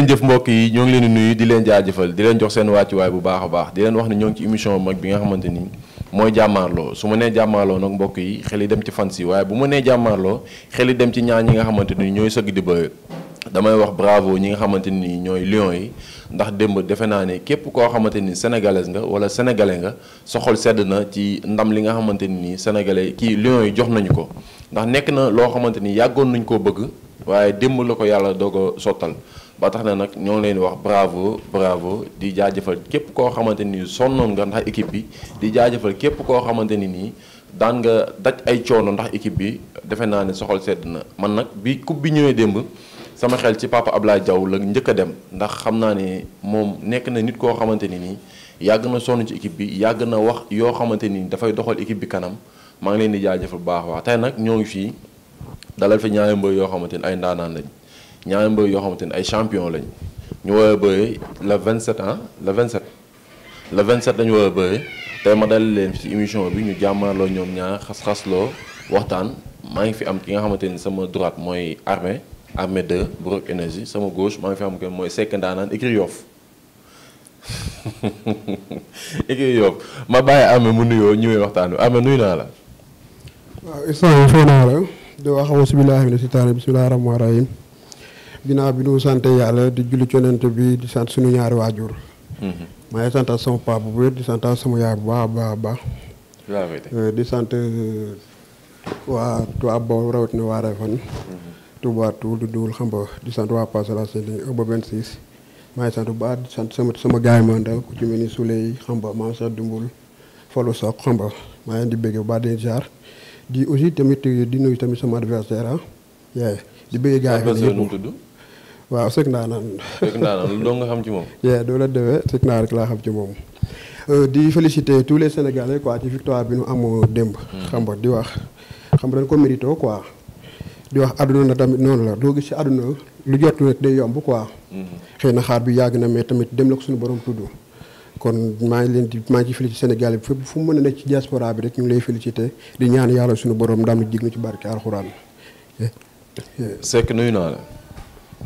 ngeen jëf yi ñoo ngi leen di di leen jaajëfal di leen jox seen wàccuwaay bu baax a baax leen wax ne ñoo ngi ci émission mag bi mooy jàmmaarloo su ma nee nag mbokk yi xel dem ci fans yi waaye bu ma nee jàmmaarloo dem ci ñaar ñi nga xamante ni ñooy sëgg di bëre damay wax bravo ñi nga xamante ni ñooy lion yi ndax démb defe naa ne képp koo xamante ni sénégalais nga wala sénégalais nga soxal sedd na ci ndam li nga xamante ni sénégalais kii lion yi jox nañu ko ndax nekk na loo xamante ni yàggoon nañu koo bëgg waaye démb la ko yàlla doo ko sottal ba tax na nag ñoo ngi leen di wax bravo bravo di jaajëfal képp koo xamante ni sonnoon nga ndax équipe bi di jaajëfal képp koo xamante ni nii daan nga daj ay coono ndax équipe bi defe naa ne soxol sedd na man nag bi coupe bi ñëwee démb sama xel ci papa Ablaye Diaw la njëkk a dem ndax xam naa ne moom nekk na nit koo xamante ni nii yàgg na sonn ci équipe bi yàgg na wax yoo xamante ni dafay doxal équipe bi kanam maa ngi leen di jaajëfal bu baax a baax tey nag ñoo ngi fii dalal fi ñaari mbër yoo xamante ni ay ndaanaan ñaari mbër yoo xamante ni ay champion lañ ñu war a bëri le 27 ans ah, le 27 vingt 27 lañu war a bëri tey ma dal leen ci émission bi ñu jàmmaarloo ñoom ñaar xas-xasloo waxtaan maa ngi fi am ki nga xamante ni sama droite mooy armée armée 2 bu Rock sama gauche maa ngi fi am kenn mooy Seck Ndaanaan écurie Yoff écurie Yoff ma bàyyi armée mu nuyoo ñëwee waxtaan bi armée nuyu naa la. waaw instant yii fay naa la di wax amoo bisimilah ginnaaw bi ñu sant yàlla di julli conante bi di sant suñu ñaari waajur mhm. maa ngi sant sama papa bu wér di sant sama yaay bu baax a baax a baax euh, di sant euh, waa waa bo rawatina waa mhm. xam nga di sant waa Parcelles Assainies ba 26 maa ngi sant bu baax di sant sama sama ma ndaw ku ci mel ni Souley xam Dumbul Fallou Sock xam nga di bëgg baax di di aussi tamit di nuyu tamit sama adversaire ah. yaay di bëgg gaay yi. waaw sëg naa naan. sëg lu doon nga xam ci moom. doo la déwee sëg naa rek laa xam ci moom. Euh, di féliciter tous les sénégalais quoi ci victoire bi nu amoo démb. Hmm. xam nga di wax xam nga dañ ko mérito quoi. di wax àdduna na tamit noonu la doo gis ci àdduna lu jot rek day yomb quoi. Hmm. xëy na xaar bi yàgg na mais tamit dem la ko suñu borom tudd. kon maa ngi leen di maa ngi ci félicité Sénégal bi fu mu mën a nekk ci diaspora bi rek ñu ngi lay félicité di ñaan yàlla suñu borom ndam lu jig na ci barke alxuraan. Seck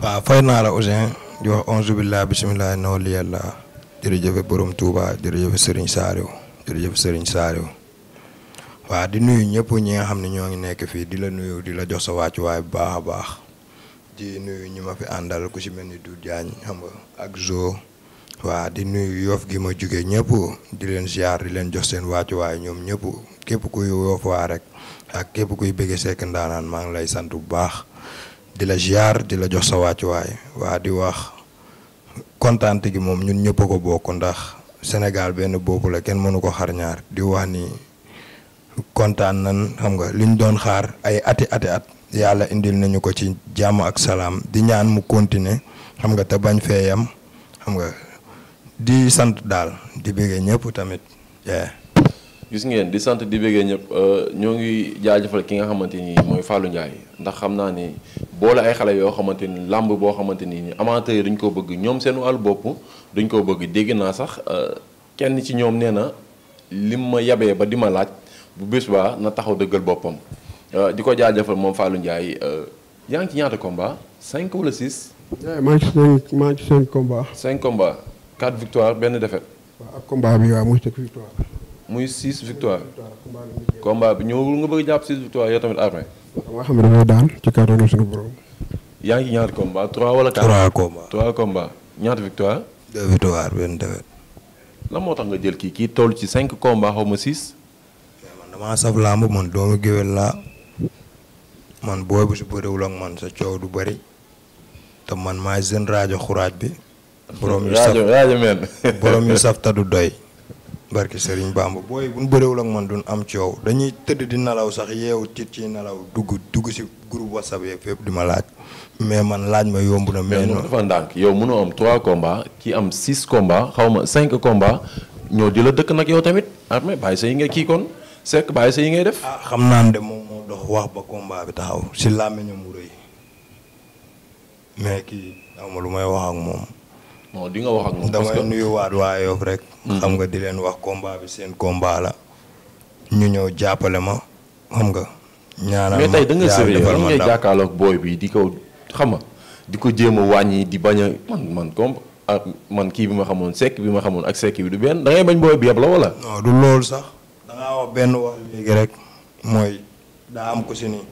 waa fay naa la Ouzin di wax onze billah bisimilah no la yàlla jërëjëfe borom tuuba jërëjëfe sëriñ Saliou jërëjëf sëriñ Saliou waa di nuyu ñëpp ñi nga xam ne ñoo ngi nekk fii di la nuyu di la jox sa wàccuwaay bu baax a baax di nuyu ñu ma fi àndal ku ci mel ni du Diagne xam nga ak zoo waa di nuyu yoof gi ma jóge ñëpp di leen ziar di leen jox seen wàccuwaay ñoom ñëpp képp kuy yoof waa rek ak képp kuy bëggee sekk ndaanaan maa ngi lay sant bu baax di la ziar di la jox sa wàccuwaay waa di wax kontaante gi moom ñun ñëpp ko bokk ndax Sénégal benn boobu la kenn mënu ko xar ñaar di wax ni kontaan nan xam nga liñ doon xaar ay ati ati at yàlla indil nañu ko ci jàmm ak salaam di ñaan mu continuer xam nga te bañ fee yam xam nga di sant daal di bëggee ñëpp tamit. gis ngeen di sant di bëggee ñëpp euh, ñoo ngi jaajëfal ki nga xamante ni mooy Fallou Ndiaye ndax xam naa nii boole ay xale yoo xamante ni làmb boo xamante ni amateurs yi dañ ko bëgg ñoom seen wàllu bopp dañ ko bëgg dégg naa sax euh, kenn ci ñoom nee na lim ma yabee ba di ma laaj bu bés baa na taxaw dëggal boppam euh, di ko jaajëfal moom Fallou Ndiaye euh, yaa ngi ci ñaata combat 5 wala 6. waaw maa ngi ci 5 maa ngi ci 5 benn défaite. waaw ak combat bi waaw mooy 5 victoires. muy six victoire combat bi ñëwul nga bëgg jàpp six victoire yow tamit armée nga xam ne damay daan ci kàttanu suñu borom yaa ngi ñaata combat trois wala quatre trois combat trois victoire deux victoire benn défaite lan moo tax nga jël kii kii toll ci cinq combat xaw ma six man damaa saf làmb man doomu géwél laa man booy bu si bëriwul ak man sa coow du bëri te man maay seen rajo xuraaj bi borom yu saf borom doy barke Serigne Bamba booy bu ñu bëréewul ak man duñ am ci yow dañuy tëdd di nelaw sax yeewu tiit ci nelaw dugg dugg si groupe whatsapp yeeg fépp di ma laaj mais man laaj ma yomb na. mais non yow mënoo am 3 combats ki am 6 xaw ma 5 combats ñoo di la dëkk nag yow tamit armé ah, bàyyi yi ngay kii kon sekk yi ngay def. ah xam naa de moom moo dox wax ba combat bi taxaw si làmmiñam mu rëy mais kii aw ma lu may wax ak moom. non di nga wax ak moom parce que damay nuyuwaat waa Yoff rek. Mm-hmm. xam nga di leen wax komba bi seen combat la. ñu ñëw jàppale ma xam nga. ñaanal ma mais tey da nga sëbee yow jàkkaarloog booy bi di ko xam nga di ko jéem a wàññi di bañ a man man comme man kii bi ma xamoon sekk bi ma xamoon ak sekk bi du benn da bañ booy bi yëpp la wala. du loolu sax. da wax benn wax léegi rek. mooy daa am ko si nii.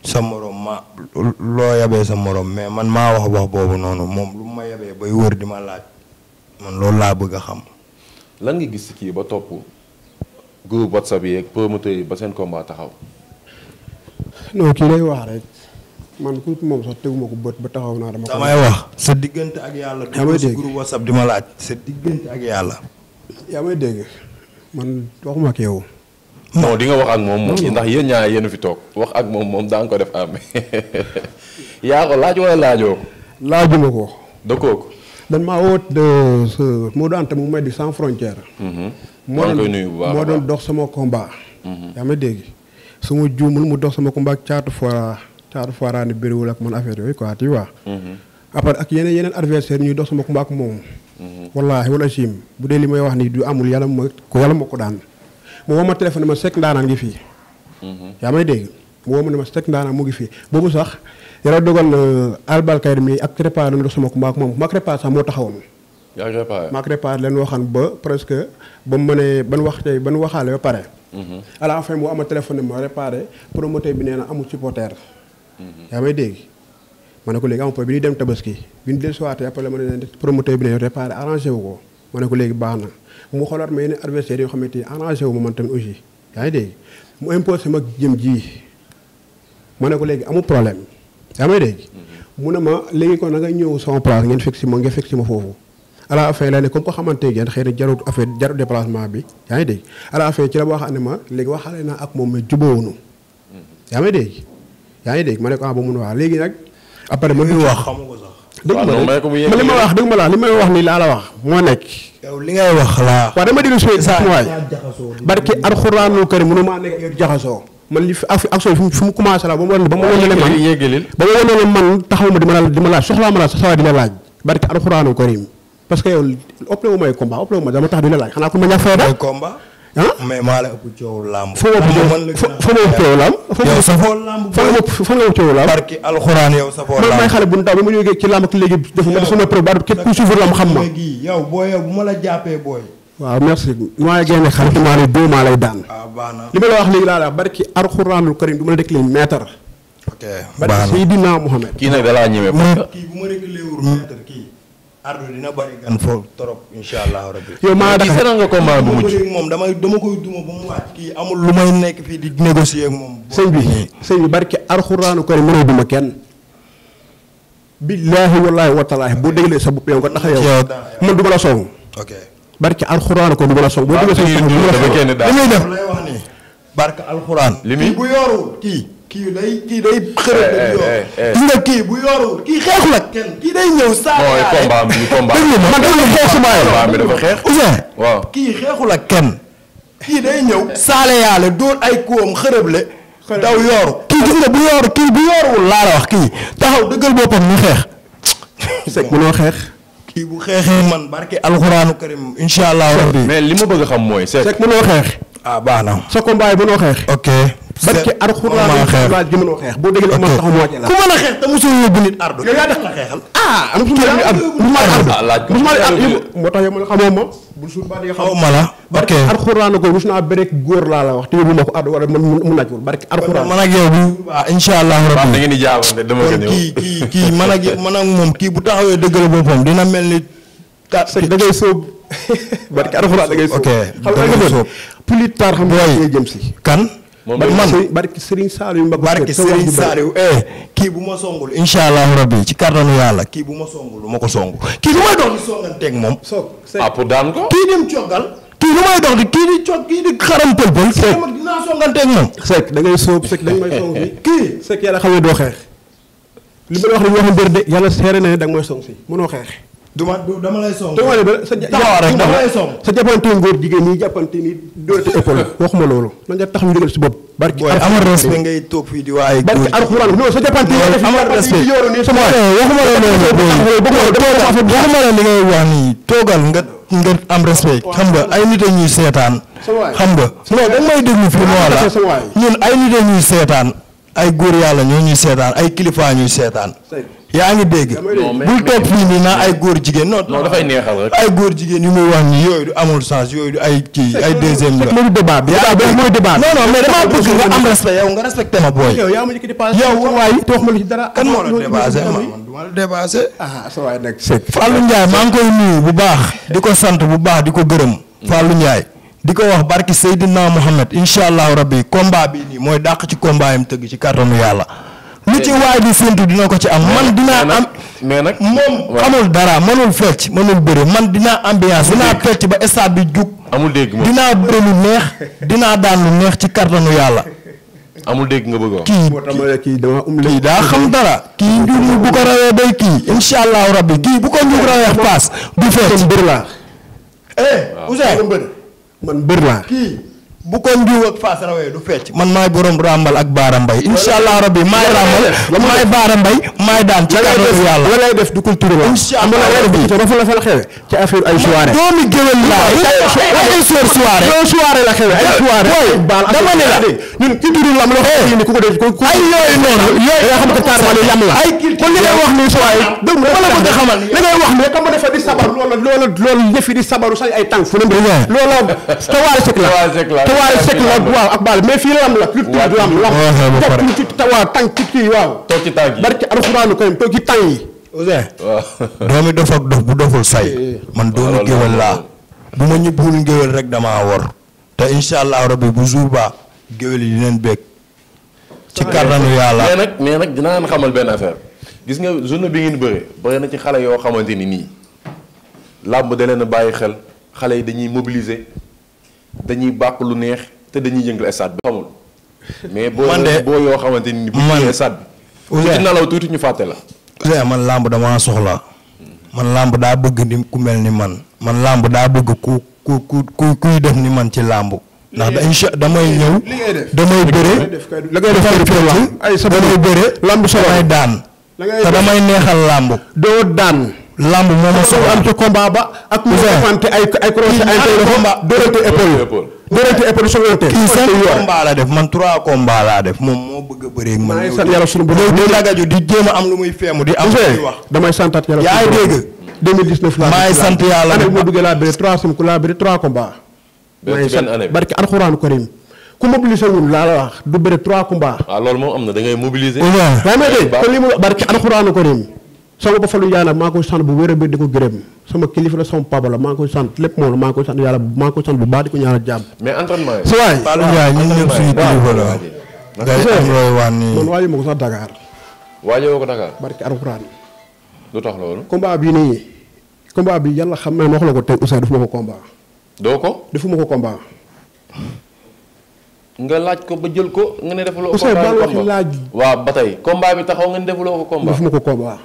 sa morom ma loo yabee sa morom mais man maa wax wax boobu noonu moom lu ma yabee bay wër di ma laaj man loolu laa bëgg a xam. lan nga gis ci kii ba topp groupe whatsapp yi ak promoteur yi ba seen combat taxaw. non kii lay wax rek man groupe moom sax teguma ko bët ba taxaw naa dama. damay wax sa diggante ak yàlla. damay dégg groupe whatsapp di ma laaj. sa diggante ak yàlla. yaa may dégg man waxuma ak non di nga wax ak moom moom ndax yéen ñaa yéen fi toog wax ak moom moom daa nga ko def am yaa ko laaj wala laajoo ko laajuma ko dëkkoo ko dan maa woo mu may di sans frontière mhm. moo doon dox sama combat mhm. yaa ma dégg su ma juumul mu dox sama combat caatu foora caatu foora ni bëriwul ak man affaire yooyu quoi tu vois mhm. après ak yeneen yeneen adversaire ñuy dox sama combat ak moom wallaahi wala bu dee li may wax ni du amul yàlla ma ko ma ko daan moo woo ma téléphone ma Seck Ndaanaan ngi fii. Mhm. yaa may dégg mu ma ne ma Seck Ndaanaan mu ngi fii boobu sax yàlla dogal na albalkayr mi ak réparé nañu sama combat ak moom ma ak réparé sax moo taxawoon. yaa ngi réparé ma ak ba presque ba mu mënee ban wax tey ban waxaale ba pare. à mhm. la fin mu ama téléphone ma réparé promoteur bi nee na amul supporter. Mhm. yaa may dégg. ma ne ko léegi amul problème bi ñuy dem ki bi ñu dellusiwaatee après la ma ne leen promoteur bi nee na réparé arrangé wu ko. ma ne ko léegi baax na mu xolaat ma yeneen adversaire yoo xam xamante ni arrangé wu ma man tamit aussi yaa ngi dégg mu imposé ma jëm ji ma ne ko léegi amul problème yaa may dégg. Mm-hmm. mu ne ma léegi kon na nga ñëw sama place ngeen fixé ma ngeen fixé ma foofu. à la ne comme ko xamante ne xëy na jarul affaire jarul déplacement bi yaa ngi dégg à la fin ci la wax ne ma léegi waxaale ak moom mais jubóowuñu. Mm-hmm. yaa may dégg yaa ngi dégg ma ne ko ah ba mun waa léegi nag. après ma ngi ko sax dëgg ma de li ma wax dëgg ma la li may wax nii laa la wax moo nekk. yow li ngay wax laa. waaw dama déglu man li fi action la ba mu wan ba ma wan ma wan ne man taxaw ma di ma laaj di ma laaj soxlaa ma parce que yow ëpp na wu may combat ëpp na wu dama tax di la laaj xanaa ku ma ñàkk fayda ah mais maa la ma ëpp coow làmb. yow safoo làmb. foo ma ëpp ma ëpp coow barki alxuraan yow safoo làmb. man maay xale bu ndaw ba ma jógee ci làmb ak léegi def ma def sama preuve ba képp ku suufur làmb xam ma. yow booy bu ma la jàppee booy. waaw merci maa ngi génne xarit maa lay dóor lay daan. Ah, li ma la wax léegi laa la barki alxuraanul karim du ma la déglu mètre. ok baax na barki Mohamed. kii nag da laa ñëwee. ardu dina bari allah rabbi. yow maa dara nga combat bu mujj damay dama koy mu wàcc amul lu may nekk fii di négocier ak moom. sëñ bi sëñ bi barki alxuraanu kariim mënoo duma kenn. billaahi wallaahi watalaahi boo déglee sa bopp yow nga tax yow. man du la song. barki alxuraan ko du la song. boo déggee sa bopp yow da ngay def barki alxuraan. li bu yorul kii. kii day kii day xërëb la eh, yor eh, eh. gis nga kii bu yorul kii xeexu kenn kii day ñëw saa mooy combat la kenn kii day ñëw saale ay kuwam xërëb la daw yooru kii gis nga bu yooruwul laa la wax kii taxaw dëggal boppam ñu xeex sek mënoo xeex kii bu xeexee man barke alxuraanu karim insha mais li ma bëgg xam mooy sek mënoo xeex ah baax na sa combat yi mënoo xeex ok barke alxuraan xeex ji mënoo xeex boo déggee Omar taxaw ah, ah, mu ma ah, xamoo ma bu suul ba xaw ma la barke alxuraan ko rus naa bérek góor laa la wax te yóbbu ma ko wala man mu naaj wul barke alxuraan man ak yow bu inshallah rabbi da ngeen kii moom kii bu taxawee dëggal boppam dina mel ni ta da ngay sóob barke alxuraan da ngay sóob ok plus xam nga jëm si kan moom man barki Serigne Saliou Mbacke barki Serigne Saliou eh kii bu ma songul incha allahu rabbi ci kàttanu yàlla kii bu ma songul ma ko song kii lu may dox di ah, kii dem coggal kii lu may dox di kii di cog kii di xaram pël pël. dinaa songanteeg moom. Seck da ngay soob Seck da kii Seck yàlla xam ne doo xeex li ma la wax rek ñu wax mbir de yàlla seere ne da may song si mënoo xeex. duma dama lay song. dama lay song sa jàppante ngóor jigéen ñi jàppante ni dóorati waxuma loolu. na nga tax ñu dugal si bopp. di waaye. barki alxuraan non sa jàppante yi amal waxuma loolu waxuma la li ngay wax nii toogal nga nga am respect xam nga ay nit ñuy seetaan. xam nga non da may déglu fii moo la ñun ay nit ñuy seetaan ay góor yàlla ñoo ñuy seetaan ay kilifa ñuy seetaan yaa ngi dégg bul toog fii nii naa ay góor jigéen non non dafay neexal ay góor jigéen yu muy wax nii yooyu du amul sens yooyu du ay kii ay deuxième la mooy débat bi yaa boobu mooy débat bi non non nga respect yow booy yow waay toox ma lu ci kan moo la dépassé man ah, maa ngi koy nuyu bu baax di ko sant bu baax di ko gërëm Fallou Ndiaye di ko wax barki Seydina Mohamed incha allahu rabbi combat bi nii mooy dàq ci combat yam tëgg ci kàttanu yàlla lu ci waay di séntu dina ko ci am. man dinaa am mais nag moom xamul dara mënul fecc mënul bëre man dina ambiance dinaa fecc ba stade bi jug. amul dégg moom dinaa lu neex dinaa daan lu neex ci kàttanu yàlla. dégg nga bëgg kii kii daa xam dara. kii njub mi bu ko rawee day kii incha allahu rabbi kii bu ko njub rawee paas. du fecc mbër laa. Eh, bu ko du fecc man maay borom ràmbal ak baara mbay incha allah rabbi maay ràmbal maay baara mbay maay daan ci kàddu yàlla la ngay def du ko turu incha allah rabbi dafa la fa la xewe ci affaire ay soirée doomi géwél la ne la ni ku ko def ko ay yooyu noonu yooyu ne taar la ay ay tànk la waaye sec la waaw ak baal mais fii lam la culture du lam lam jàpp ci waaw tànk ci kii waaw toog ci tànk yi barki alxuraanu kayim toog ci tànk yi doomi dof ak dof bu doful say eh, eh. man doomi géwél laa bu ma ñibbuwul ngéwél rek damaa war te insha allah rabbi bu jour ba géwél yi dinañ bëgg ci ah, kàttanu yàlla mais nag mais nag dinaa xamal benn affaire gis nga journée bi ngeen bëre bëri na ci xale yoo xamante ni nii làmb da leen a bàyyi xel xale yi dañuy mobiliser dañuy bàq lu neex te dañuy yëngal stade bi xamul. mais boo boo yoo xamante ni. bu ñu stade bi. ku ci nalaw tuuti ñu fàtte la. Ouzin man làmb damaa soxla. man làmb daa bëgg ni ku mel ni man. man làmb daa bëgg ku ku ku kuy def ni man ci làmb. ndax da incha damay ñëw. damay bëre. la ngay def ay sa damay bëre. làmb solo damay daan. te damay neexal làmb. doo daan. lamb moo ma soxla am ci combat ba ak mu defante ay ay crochet ay dóorante épaule dóorante épaule soxlante kii cinq combat la def man trois combat laa def moom bëgg a bëree man damay sant yàlla sunu borom di dagaju di am lu muy feemu di am lu muy wax damay santaat yàlla yaa laa maay sant yàlla année bu ma duggee laa bëri trois sim ku laa bëri trois combat maay sant barki alxuraanu karim ku mobilisé wul laa la wax du bëri trois combat waaw loolu moom am na da ngay mobiliser waaw maa ngi dégg kon li mu barki alxuraanu sama ba falu yaay nag maa koy sant bu wér a wér di ko sama kilifa la sama la maa ngi koy sant lépp moom la maa ngi koy sant yàlla maa ngi koy sant bu baax di ko ñaanal jàmm. mais entraînement yi. Fallou Ndiaye la. day am waajoo ma ko sax Dakar. waajoo ko Dakar. barki Alxuraan. lu tax loolu. combat bii nii combat bi yàlla xam na wax la ko teg Ousseyn defuma ko combat. doo ko. defuma ko combat. nga laaj ko ba jël ko nga ne defuloo. ko combat Ousseyn ban wax ba tey combat bi taxaw nga ne defuloo ko combat. ko combat.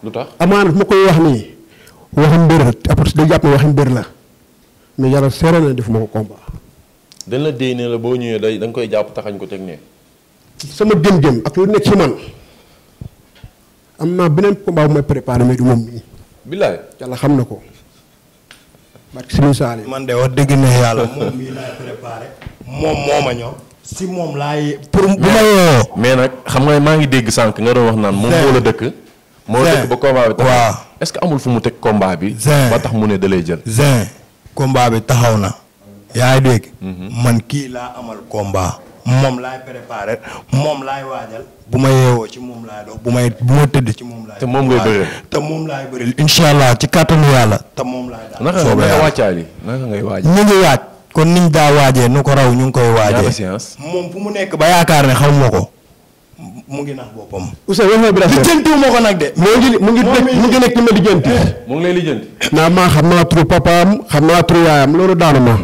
lu tax amaana fu ma koy wax nii waxam mbër la après day jàpp ne waxi mbër la mais yàlla seere na def ma ko combat. dañ la déy ne la boo ñëwee day da nga koy jàpp taxañ ko teg ne. sama gëm-gëm ak lu nekk ci man am naa beneen combat bu may préparé mais du moom mii. billaay yàlla xam na ko. barke Sëriñ Saali man de wax dégg na yàlla moom moom moo ma si moom laay. pour bu ma woo. mais nag xam nga maa ngi dégg sànq nga doon wax naan moom moo dëkk. moo dëkk ba combat bi waaw est-ce que amul fu mu teg combat bi. ba tax mu ne da lay jël. zin combat bi taxaw na. yaa dégg. Mhm. man kii laa amal combat. moom laay préparé moom laay waajal. bu ma yeewoo ci moom laay dox bu may bu ma tëdd ci moom laay. te moom ngay te moom laay bëreel incha allah ci kàttanu yàlla. te moom laay daal naka nga wàccaali naka ngay waaj. ñu ngi waaj kon niñ daa waajee nu ko raw ñu ngi koy waajee. moom fu mu nekk ba yaakaar ne xam nga ko. mu ngi nax boppam. Ousseynou waxoo bi rafet lijjantiw moo ko nag de. moo ngi mu ngi nekk ni ma lijjanti. Eh, naa maa xam naa turu papaam xam naa turu yaayam loolu daanu ma.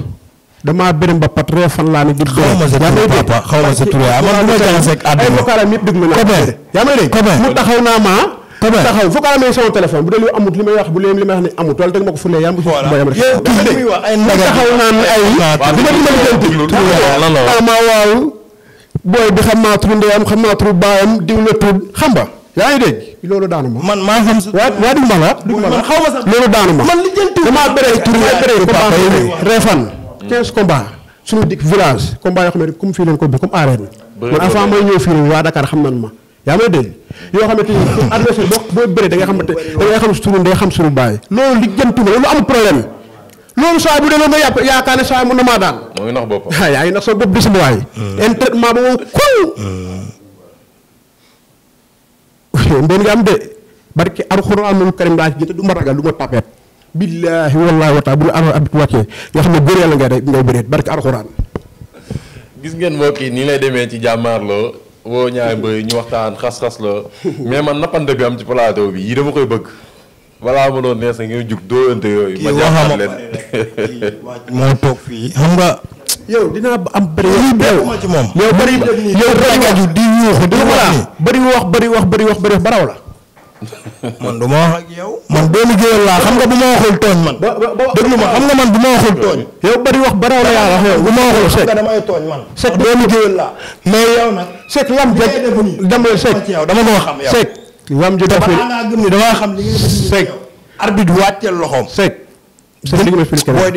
damaa beneen ba pat réew fan laa ne. jub xaw ma sa turu papa xaw ma sa turu yaayam. man dina jaxase ak àdduna ay naa. Kébé yaa mu taxaw naa maa. Kébé taxaw fokaaram li ma ko fulee yaa ma. booy bi xam naa turu ndeyam xam naa turu baayam diw la tudd xam nga yaa ngi dégg loolu daanu ma. man maa xam sa waaw waaw ma la. dugg ma la xaw ma sax loolu daanu ma. man li jël tur damaa bëree tur yi bëree papa yi Réfane 15 combats suñu dikk village combat yoo xam ne comme fii leen ko bi comme arène man avant may ñëw fii leen waa Dakar xam nañ ma yaa may dégg yoo xamante ni adversaire boo boo bëree da nga xamante da nga xam sunu ndey xam sunu baay loolu li jëntuma loolu amul problème loolu saa bu demee ba ne saa mun na maa daan. moo ngi nax boppam yaa ngi nax sa bopp gis nga waay. Mm. entraînement ba moom kuw. Mm. mbéy nga am de barki alxuraanul karim laa ci gën te ma ragal du ma tapet. billaahi wallaahi wa bu ñu amoon ab wàccee nga xam ne góor yàlla ngay ngay bëreet barki alxuraan. gis ngeen mbokk yi nii lay demee ci jàmmaarloo woo ñaari mbéy ñu waxtaan xas-xas la nappante bi am ci plateau bi yi dama koy bëgg. balaa ma doon ngeen jug dóorante yooyu. ma jaaxal leen moo toog fii xam nga. yow dinaa yow bëri ci moom. di yuuxu di wax bëri wax bari wax bari wax bëri wax baraw la. man du ma wax ak yow. man doomu géwél laa xam nga bu ma waxul tooñ man. ba ba déglu ma xam nga ma waxul tooñ. wax baraw wax bu ma waxul Seck. damay tooñ man. Seck mais yow nag. Seck dama ko xam yow lam ju xam li nga def. fekk arbitre bi wàcceel loxoom. fekk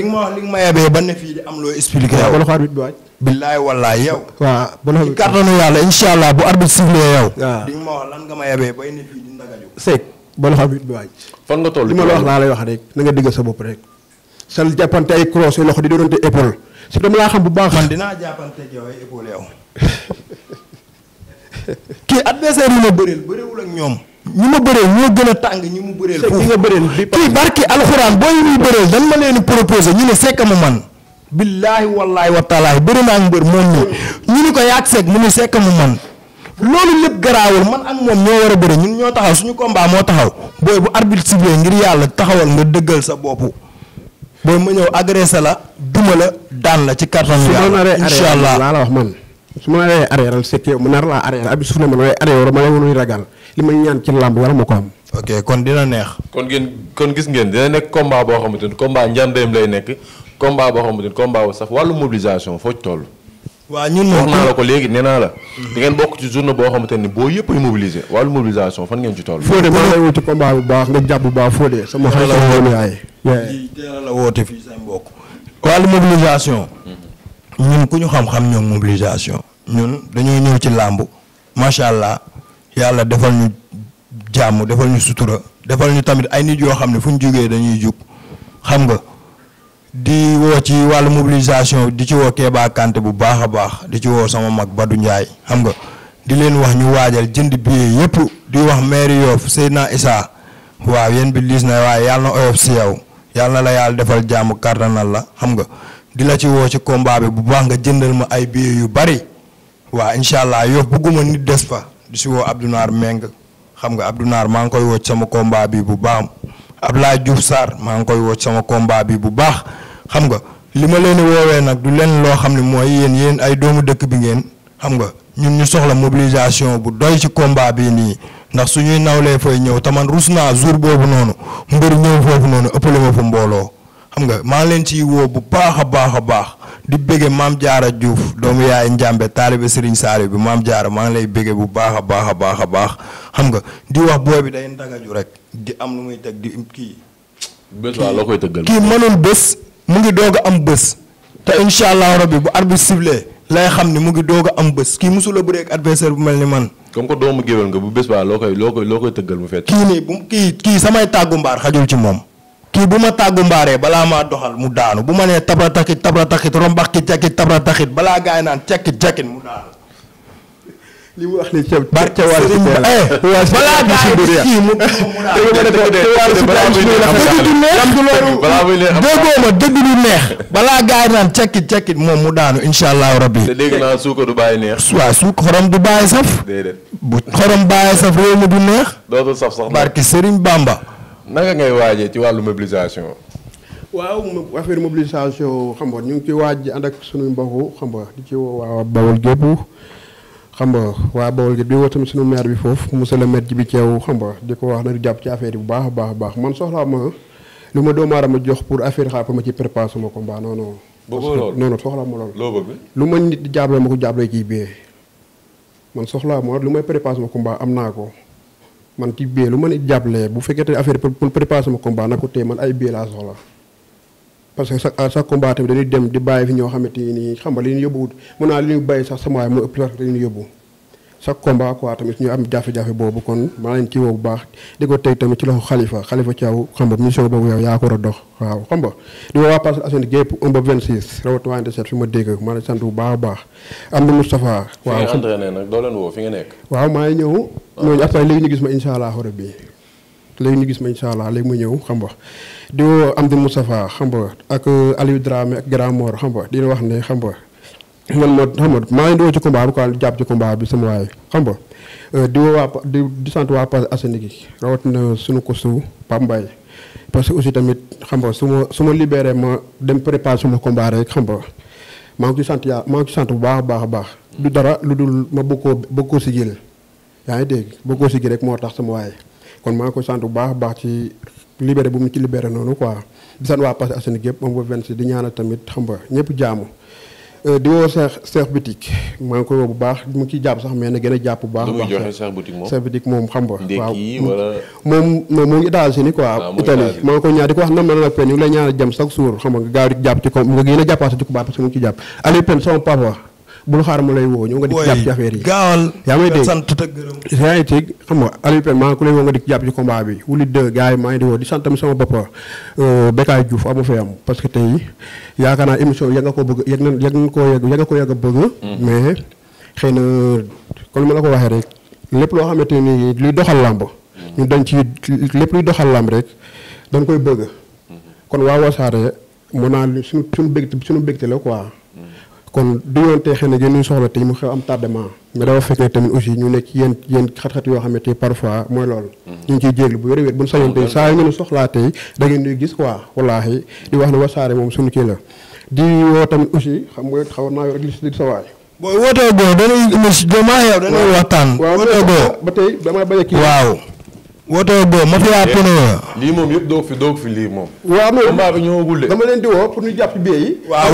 ma ma ba ne loo expliqué. waaw wala ko arbitre bi wàcc. billaay wallaay yow. allah bu arbitre sifflé ma wax nga ma yebee bay ne ba loxo nga toll li ma la wax naa lay wax rek na nga dégg sa bopp rek. sal jàppante ay cross loxo di doonante épaule. si dama laa xam bu baax. man dinaa jàppante ay épaule yow kii adversaire mu ma bëreel bëreewul ak ñoom. ñi ma bëreel ñoo gën a tàng ñi mu bëreel. foofu nga bëreel bi kii barki alxuraan boo ñu bëreel dañ ma leen proposé ñu ne sekk ma man. billaahi wallaahi wa taalaahi bëri naa mbër moom ñi ñu ni ko yaag mu sekk ma man. loolu lépp garaawul man ak moom ñoo war a bëri ñun ñoo taxaw suñu combat moo taxaw booy bu arbitre sifflé ngir yàlla taxawal nga dëggal sa bopp booy ma ñëw agressé la duma la daan la ci carton yàlla incha allah la wax su ma lay areeral c'est que mu nar ma lay areer wala ma lay li ma ñaan ci làmb wala ma ko am. ok kon dina neex. kon ngeen kon gis ngeen dina nekk combat boo xamante ni combat njàndeem lay nekk combat boo xamante ni combat wu sax wàllu mobilisation foo ci toll. waaw ñun moom ko léegi nee naa la. Hmm. ngeen bokk ci journée boo xamante ni boo yëpp ay mobiliser wàllu fan ngeen ci toll. Fodé maa lay wuti combat bu baax nga jàpp bu baax Fodé. sama xarit sama yaay. lii teel a la woote fii say mbokk. wàllu mobilisation. ñun ku ñu xam-xam ñoom mobilisation ñun dañoo ñëw ci làmb macha allah yàlla defal ñu jàmm defal ñu sutura defal ñu tamit ay nit yoo xam ne fu ñu jógee dañuy jug xam nga di woo ci wàll mobilisation di ci woo Kéba bu baax a baax di ci woo sama mag Badou Ndiaye xam nga di leen wax ñu waajal jënd bi yëpp di wax maire Yoff Seydina Issa waaw yéen bi liis na waaye yàlla oyof si yow yàlla na la yàlla defal jàmm kàttanal la xam nga di la ci woo ci combat bi bu baax nga jëndal ma ay billets yu bari waa incha allah yow bëgguma nit des fa di si woo Abdou Naar Meng xam nga Abdou maa ngi koy woo ci sama combat bi bu baax Abdoulaye Diouf Sarr maa ngi koy woo sama combat bi bu baax xam nga li ma leen woowee nag du leen loo xam ne mooy yéen yéen ay doomu dëkk bi ngeen xam nga ñun ñu soxla mobilisation bu doy ci combat bii nii ndax suñuy nawlee fay ñëw taman rus naa jour boobu noonu mbër ñëw foofu noonu ëppale ma fa mbooloo xam nga maa leen ci woo bu baax a baax a baax di bëgge maam jaara Diouf doomu yaay njàmbe taalibe Serigne Saali bi maam jaar maa ngi lay bëgge bu baax a baax a baax a baax xam nga di wax booy bi day ndagaju rek di am lu muy teg di kii. bés waaw loo koy tëggal kii mënul bés mu ngi doog am bés. te incha allah rabbi bu arbitre sifflé lay xam ni mu ngi doog am bés kii musul a bëreeg bu mel ni man. comme que doomu géwél nga bu bés ba loo koy loo koy loo koy tëggal mu fekk. kii nii bu kii kii samay tàggu mbaar xajul ci moom. kii bu ma tàggu mbaaree balaa maa doxal mu daanu bu ma nee tabra taxit tabra taxit rombaxit cekkit balaa mu daanu. li gaa eh, yi naan cekkit cekkit moom mu daanu incha rabbi. te dégg xorom du bàyyi saf. bu xorom bàyyi saf réew mi du neex. barki Serigne Bamba. naka ngay waaje ci wàllu mobilisation. waaw affaire mobilisation xam nga ñu ngi ci waaj ànd ak suñu mbokku xam nga di ci waa Bawol gépp xam nga waa Bawol gépp di woo tamit suñu maire bi foofu monsieur le maire ji bi Thiaw xam nga di ko wax na di jàpp ci affaire bu baax a baax baax man soxlaa ma lu ma doomu aadama jox pour affaire xaaral ma ci préparer sama combat non non. bëggoo loolu lu ma nit di jàppale ma ko jàppale ci biir man soxlaa ma lu may préparer sama combat am naa ko. man ci bee lu ma nit jàppale bu fekkee te affaire pour préparer sama combat na ko téye man ay bee laa soxla parce que chaque chaque combat tamit dañuy dem di bàyyi fi ñoo xamante ni xam nga li ñu yóbbuwut mun naa li ñu bàyyi sax sama waay mu ëpp sax li yóbbu. chaque combat quoi tamit ñu am jafe-jafe boobu kon maa leen ci woo bu baax di ko teg tamit ci loxo xalifa xalifa Thiaw xam nga mission boobu yow yaa ko war a dox waaw xam nga di woo waa Parcelles Assainies gépp bu baax a am na Moustapha. waaw fi nga entraîné nag doo leen woo fi nga nekk. waaw maa ngi ñëw. waaw ah. ñooñu après léegi ñu gis ma incha allah rabbi léegi ñu gis ma incha léegi ma ñëw xam nga di woo Amdi Moustapha xam nga ak Aliou Dramé ak Grand Mor xam di wax ne xam nga man moo xam nga maa ngi doon ci combat bi quoi jàpp ci combat bi xam nga euh, di di sant waa Parcelles Assainies gi rawatina suñu costaud Pape Mbaye parce que aussi tamit xam nga su ma su ma ma dem préparé suma combat rek xam nga maa ngi ciy sant yaa maa ngi sant bu baax a baax a baax. du dara lu dul ma bëgg bëgg koo si jël yaa ngi dégg bëgg koo si rek moo tax sama waay kon maa ngi koy sant bu baax baax ci libéré bu mu ci libéré noonu quoi di sant waa Parcelles Assainies gi yëpp moom ba 26 di ñaana tamit xam nga ñëpp jaamu. Euh, di woo Cheikh Cheikh maa ngi koy woo bu baax mu ngi ciy jàpp sax mais na gën a jàpp bu baax. baax Cheikh Boutique moom Cheikh moom xam nga. waaw moom non mu ngi États-Unis quoi. Ah, Italie maa ngi koy ñaan di ko wax nam na la pen ñu ngi lay ñaanal jëm chaque jour xam nga gaaw jàpp ci kaw nga gën a jàppaat ci ko baax parce mu ngi jàpp Aliou Pen sama papa. bul xaar mu lay woo ñëw nga di jàpp ci affaire yi yaa may dégg sant te gërëm xam nga Aliou Pène maa ngi ku lay woo nga di jàpp ci combat bi wuli deux gars yi maa di woo di sant tamit sama boppa euh, Bekaay Diouf amu fi am parce que tey yaakaar naa émission ya nga ko bëgg yeg na yeg nga ko yeg a bëgg mm. mais xëy na comme ma la ko waxee rek lépp loo xamante ni luy doxal làmb ñu dañ ci lépp luy doxal làmb rek dañ koy bëgg mm-hmm. kon waa Wassare mun naa suñu suñu bég suñu bégte la quoi mm. kon du yoon tey xëy na yéen ñu soxla tey mu xew am tardement mais dafa fekk ne tamit aussi ñu nekk yéen yéen xat-xat yoo xamante ni parfois mooy loolu ñu ngi ciy jéeglu bu wér a wér buñ sañoon tey saa yu ngeen soxlaa tey da ngeen di gis quoi wallaahi di wax ne wasaare moom suñu kii la di woo tamit aussi xam nga xaw naa yor ak li di sa waay booy wootee goo danay mos jomaa yow danay waxtaan wootee goo ba tey damay bañ kii waaw wootee boobu mafia lii moom fi doog fi lii moom. waaw moom combat bi ñëwagul de. dama leen di ñu jàpp bee yi. waaw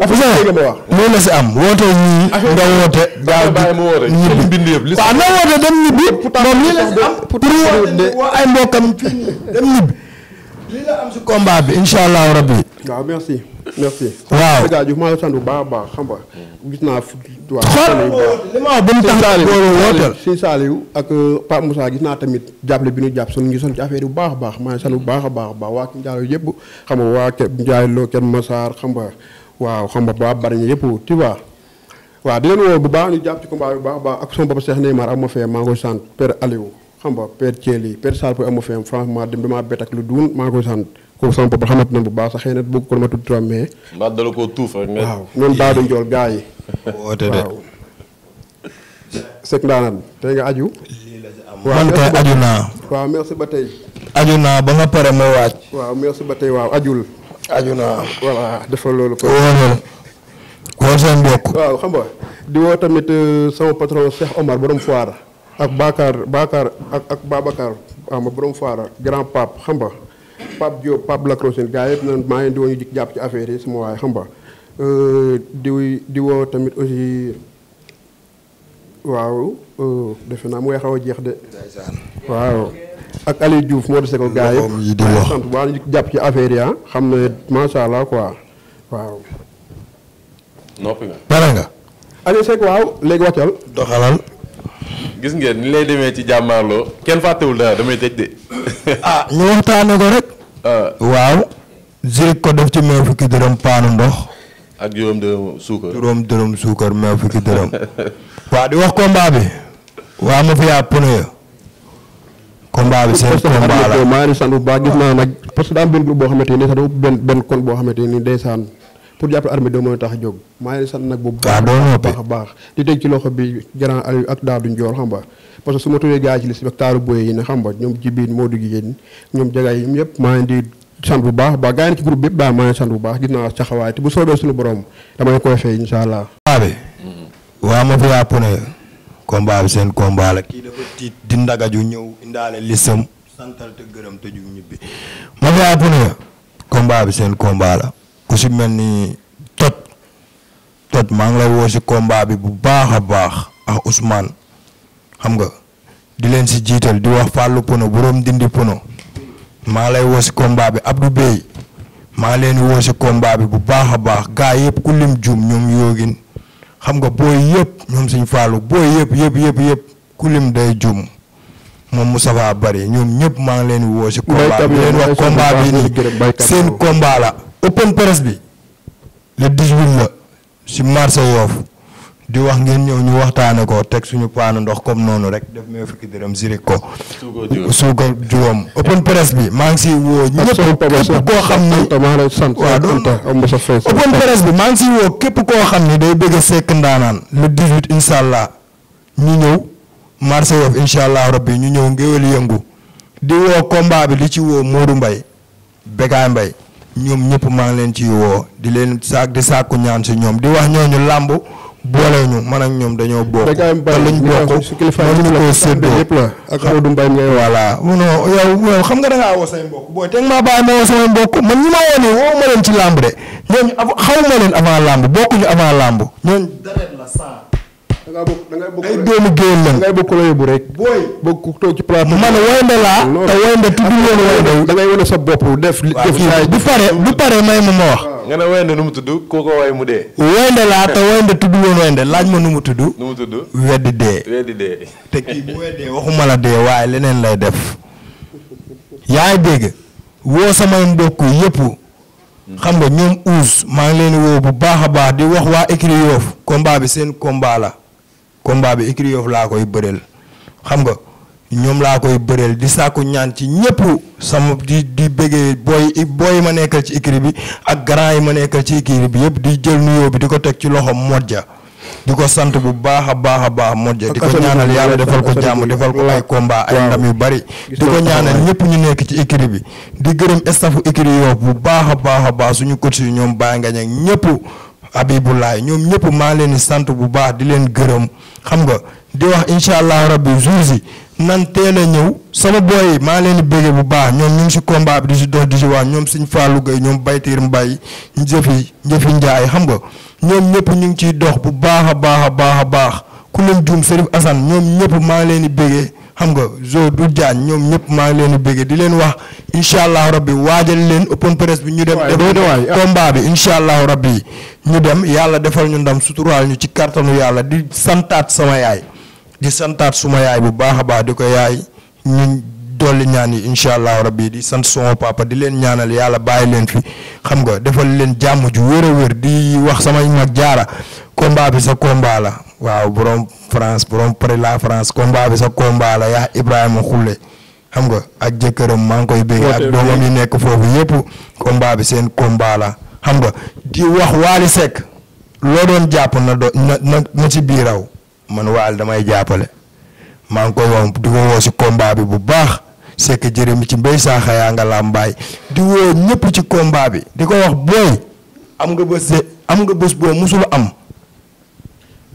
eh, si am woote ñii. nga woote. gaaw bi ñibbi bind yëpp li. waaw na dem ñibbi. moom lii la si am pour woo ay dem ñibbi. bi incha allah rabbi. merci. waaw gars yi maa ngi sant bu baax baax xam nga. gis naa fi waaw. li ma wax ba mu tax wootal si Saliou ak euh, Pape Moussa gis naa tamit jàppale bi ñu jàpp son ngi son ci affaire bu baax a baax maa ngi sant bu baax a baax a baax waa Ndiaye yëpp xam nga waa Ndiaye loo kenn Massar xam nga waaw xam baa waa Bargny yëpp tu vois. waaw di bu baax ñu jàpp ci combat bi bu baax baax ak son papa Cheikh Neymar am ma maa ngi koy sant Père Aliou xam nga Père Thiel yi Père Sall pour am ma dem damaa ak lu duun maa ngi comme sama papa xamante na bu baax sax xëy na bëgg ko ma tudd turam mais. daal di jool gaa yi. waaw. Seck Ndaanaan tey aju. naa. ba tey. aju naa ba nga pare ma waaj. waaw merci ba tey waaw ajul. aju naa voilà defal loolu. wóor waaw xam di woo tamit euh, sama patron Cheikh Omar borom Foire. ak Bakar Bakar ak ak Babacar ah ma Foire grand pape xam Pape Diop Pape Lacrosse gars yëpp nag maa ngi leen di woo jàpp ci affaire yi sama waay xam nga euh, di tamit aussi waaw euh, defe naa mooy xaw a jeex de. waaw ak Aliou Diouf moo dese ko gars yëpp. waaw jàpp ci affaire yi ah, xam ne macha allah quoi waaw. noppi nga. pare nga. Aliou Seck waaw léegi wàccal. doxalal. gis ngeen ni lay demee ci jàmmaarloo kenn fàttewul dara damay tëj de. ah ñu ko rek. Euh, waaw. Zirk ko def ci dërëm paanu ndox. ak juróom dërëm suukar juróom dërëm suukar meew fukki dërëm. waa di wax combat bi. waa ma fi yaa pneu ya. combat bi seen combat la maa ngi sant bu baax gis naa daa benn groupe boo xamante ni sax dafa benn benn kon boo xamante ni ndeysaan pour jàppale armée doo mën a tax a jóg maa ngi sant nag bu baax ah, baax di teg ci loxo bi grand Aliou ak Daadu Njoor xam nga parce su ma tuddee gars yi ci liste bi ak taaru boy yi ne xam nga ñoom moo dugg yéen ñoom jagaay yi yëpp bu baax baax gars yi ci groupe bi yëpp daal maa ngi sant bu baax gis naa caxawaay te bu soobee suñu borom damay koy fay insha allah waa ma fi yaa pone combat bi seen combat la kii dafa tiit di ndagaju ñëw indaale listam santal te gërëm te ju ñibbi ma fi yaa pone combat bi seen combat la ku si mel nii toj toj maa ngi lay woo si combat bi bu baax a baax ak Ousmane xam nga di leen si jiital di wax Fallou Pono boroom dindi Pono maa lay woo si combat bi Abdou Bey maa leen woo si combat bi bu baax a baax gaa yëpp ku lim jum ñoom yoogin xam nga booy yëpp ñoom suñ Fallou booy yëpp yëpp yëpp yëpp ku lim day jum moom Moustapha Bari ñoom ñëpp maa ngi leen woo si combat bi leen seen combat la open press bi le 18 la si marché Yoff di wax ngeen ñëw ñu waxtaane ko teg suñu paanu ndox comme noonu rek def meew fukki dërëm si zirik ko suuko juróom open press bi maa ngi si woo ñëpp képp koo xam ni waaw open press bi maa ngi si woo képp koo xam ni day bëgg sekk ndaanaan le 18 incha allah ñu ñëw marché Yoff incha allah rabbi ñu ñëw ngéwél yëngu di woo combat bi li ci woo Modou Mbaye Begaay Mbaye ñoom ñëpp maa leen ci woo di leen saak di sàkku ñaan si ñoom di wax ñooñu làmb boole ñu man ak ñoom dañoo bokk te luñ bokk mën ñu koo séddoo voilà xam nga da ngaa woo say mbokk booy teg maa man ñi ma woo leen ci làmb de ñooñu xaw ma leen avant làmb bokkuñu avant làmb ñooñu da ngay ay doomu géwél rek. bokk toog ci plateau. man woynde laa. te woynde tudd woon woynde. da ma ma wax. nu mu tudd kooko mu dee. laa te laaj ma nu mu tudd. nu mu tudd weddi dee. weddi dee. la dee waaye leneen lay def. woo samay mbokk yëpp. xam nga ñoom uus maa ngi woo bu baax a baax di wax waa écrit yoof combat bi seen combat la. combat bi écurie Yoff laa koy bëreel xam nga ñoom laa koy bëreel di sàkku ñaan ci ñëpp sama di di bëggee booy booy ma nekkal ci écurie bi ak grand yi ma nekkal ci écurie bi yëpp di jël nuyoo bi di ko teg ci loxo ja di ko sant bu baax a baax a baax Modja di ko ñaanal yàlla defal ko jàmm defal ko ay combat ay ndam yu bari di ko ñaanal ñëpp ñu nekk ci écurie bi di gërëm staffu écurie Yoff bu baax a baax a baax suñu coach ñoom bàyyi nga ñëpp Abibulaay ñoom ñëpp maa leen sant bu baax di leen gërëm xam nga di wax incha allah rabbi jour si nan teel a ñëw sama booy maa leen di bu baax ñoom ñu ngi si combat bi di si dox di si waa ñoom suñ Fallou Gueye ñoom Baytiir Mbaye njëfi njëfi Njaay xam nga ñoom ñëpp ñu ngi ciy dox bu baax a baax a baax a baax ku leen juum Serif Assane ñoom ñëpp maa leen di bëggee xam nga zo du jaan ñoom ñëpp maa ngi leen di bëgg di leen wax incha allahu rabbi waajal leen open press bi ñu dem. waay ah. combat bi incha allahu rabbi ñu dem yàlla defal ñu ndam suturaal ñu ci kartanu yàlla di santaat sama yaay di santaat suma yaay bu baax a baax di ko yaay ñu dolli ñaan yi incha allahu rabbi di sant sama papa di leen ñaanal yàlla bàyyi leen fi xam nga defal leen jàmm ju wér a wér di wax sama mag jaara combat bi sa combat la. waaw borom France borom pare la France combat bi sax combat la yaa Ibrahima Khoule xam nga ak jëkkëram maa koy bëgg ak doomam yi nekk foofu yëpp combat bi seen combat xam nga di wax Waly loo doon jàpp na do na na na ci biiraw damay jàppale maa ngi koy wax di bi bu baax sekk Seck jërëmi ci mbéy saaxa yaa nga làmbaay di woo ñëpp ci combat bi di ko wax booy am nga bés am nga bés boo musul am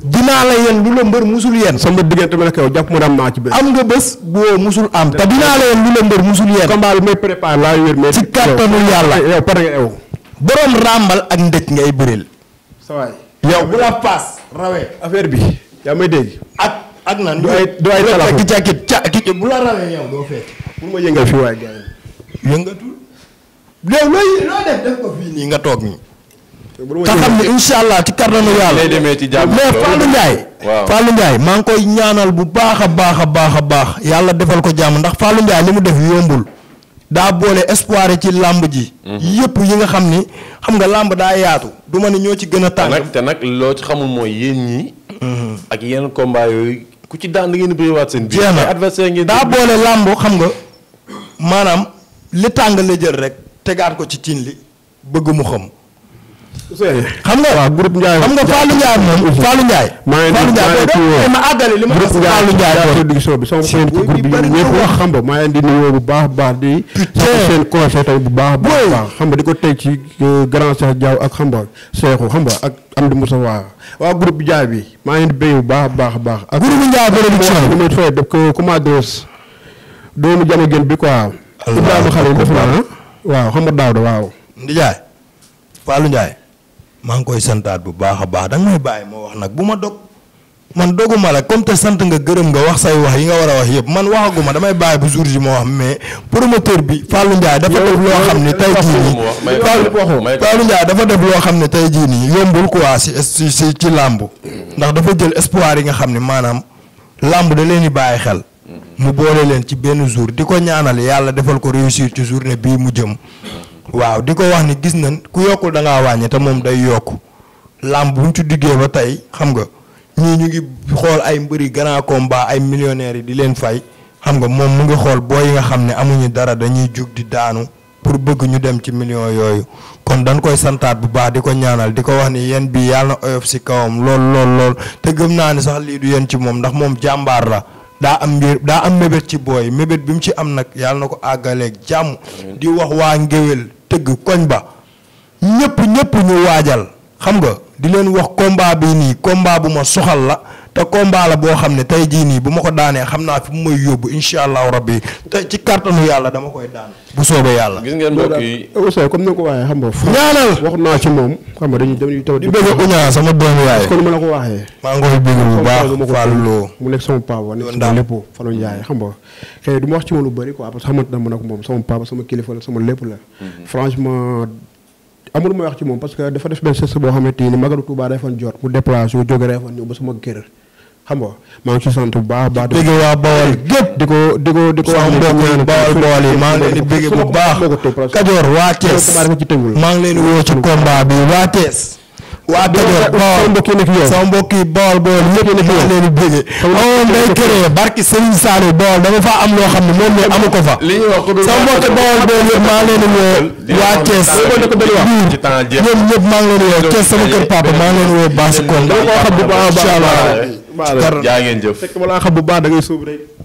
dinaa la yéen lu la mbër musul yéen. sama diggante ma ne ko yow jàpp mu ne am naa ci bés. am nga bés boo musul am. te dinaa la yéen lu la mbër musul yéen. ci kàttanu yàlla yow pare ràmbal ak ndëj ngay bëreel. sa waay yow bu la paas rawee affaire bi yaa may dégg. ak ak nan. du ay du ki ca ki ca bu la rawee yow doo fekk. pour ma yëngal fii waaye gars yi. yëngatul. ko fii nii nga toog nii. te xam ne incha ci kàttanu yàlla. mais Fallou Ndiaye. waaw Fallou maa ngi koy ñaanal bu baax a baax a baax a baax yàlla defal ko jàmm ndax Fallou Ndiaye li mu def yombul. daa boole espoir ci làmb ji. Mhm. yëpp yi nga xam ni xam nga làmb daa yaatu. du ma ne ñoo ci gën a tàng. te nag loo ci xamul mooy yéen ñi. Mhm. ak yenn combat yooyu ku ci daan da ngeen di bëriwaat seen biir. adversaire ngeen daa boole làmb xam nga maanaam li tàng la jël rek tegaat ko ci cin li bëgg mu xam. xam nga waaw groupe Ndiaye xam nga Fallou Ndiaye moom Fallou Ndiaye. Fallou Ndiaye ma àggale li ma gis Fallou Ndiaye production bi sama seen ci groupe bi ñëpp wax xam nga maa ngi leen di nuyoo bu baax baax di seen conseil tey bu baax baax xam nga di ko teg ci euh, grand Cheikh Diaw ak xam nga Cheikhou xam nga ak Amdi Moussa waa waa groupe Ndiaye bi maa ngi leen di béy bu baax baax baax ak groupe Ndiaye production bi may fay def ko commandos doomu jama gën bi quoi Ibrahima xale yi def naa waaw xam nga daaw da waaw Ndiaye Fallou Ndiaye maa ngi koy santaat bu baax a baax danga may bàyyi moo wax nag bu ma dog man doguma la comme te sant nga gërëm nga wax say wax yi nga war a wax yëpp man waxaguma damay bàyyi bu jour ji moo wax mais promoteur bi Fallou Ndiaye dafa def loo xam ni tey jii nii Fallou Ndiaye dafa def loo xam ne tey jii nii yombul quoi si si si ci làmb ndax dafa jël espoir yi nga xam ne maanaam làmb da leen di bàyyi xel mu boole leen ci benn jours di ko ñaanal yàlla defal ko réussir ci journée bii mu jëm waaw di ko wax ni gis nañ ku yokkul danga ngaa wàññi te moom day yokk làmb bu mu ci diggee ba tey xam nga ñii ñu ngi xool ay mbëri grand combat ay millionnaires yi di leen fay xam nga moom mu ngi xool boo yi nga xam ne amuñu dara dañuy jug di daanu pour bëgg ñu dem ci millions yooyu kon dañ koy santaat bu baax di ko ñaanal di ko wax ni yéen bi yàlla na oyof si kawam lool lool te gëm naa ni sax lii du yéen ci moom ndax moom jàmbaar la daa am mbir daa am mébét ci booy mébét bi mu ci am nag yàlla na ko àggaleeg jàmm di wax waa ngéwél tëgg koñ ba ñëpp ñëpp ñu waajal xam nga di leen wax combat bi nii combat bu ma soxal la te combat la boo xam ne tey jii nii bu ma ko daanee xam naa fi mu may yóbbu incha allahu rabbi te ci kàttanu yàlla dama koy daan bu soobee yàlla. ngeen mbokk yi Ousseyn comme ni ko waxee xam nga. ñaanal wax naa ci xam nga dañuy dañuy taw di sama doomu yaay. kon ma la ko waxee. maa ngi koy bëgg bu baax Fallou Lo mu nekk sama papa nekk sama lépp Fallou Ndiaye xam nga xëy du ma wax ci moom lu bëri quoi parce que xamante na man ak moom sama sama kilifa sama lépp la mm-hmm. franchement amul ma wax ci moom parce que dafa def benn geste boo xamante ni magalu Touba Refane jot mu déplacé wu jóge Refane ñëw ba sama kër xam nga maa ngi ci sant bu baax baax. bëgg waa Bawol gépp di ko di ko di ko wax mbokk yi Bawol Bawol yi maa ngi leen di bëgg bu baax Kajoor waa Thiès maa ngi leen di ci combat bi waa Thiès waa Dóor sama mbokk yi nekk yow sama mbokk yi Bawol Bawol yëpp nekk yow leen di bëgge moom day këree barki Serigne Saliou Bawol dama fa am loo xam ne moom amu ko fa sama mbokk Bawol Bawol yëpp maa leen di woo waa Thiès maa ngi leen di woo sama kër papa maa ngi leen di woo Basse Konde incha allah jaa ngeen xam bu baax da ngay sóobu rek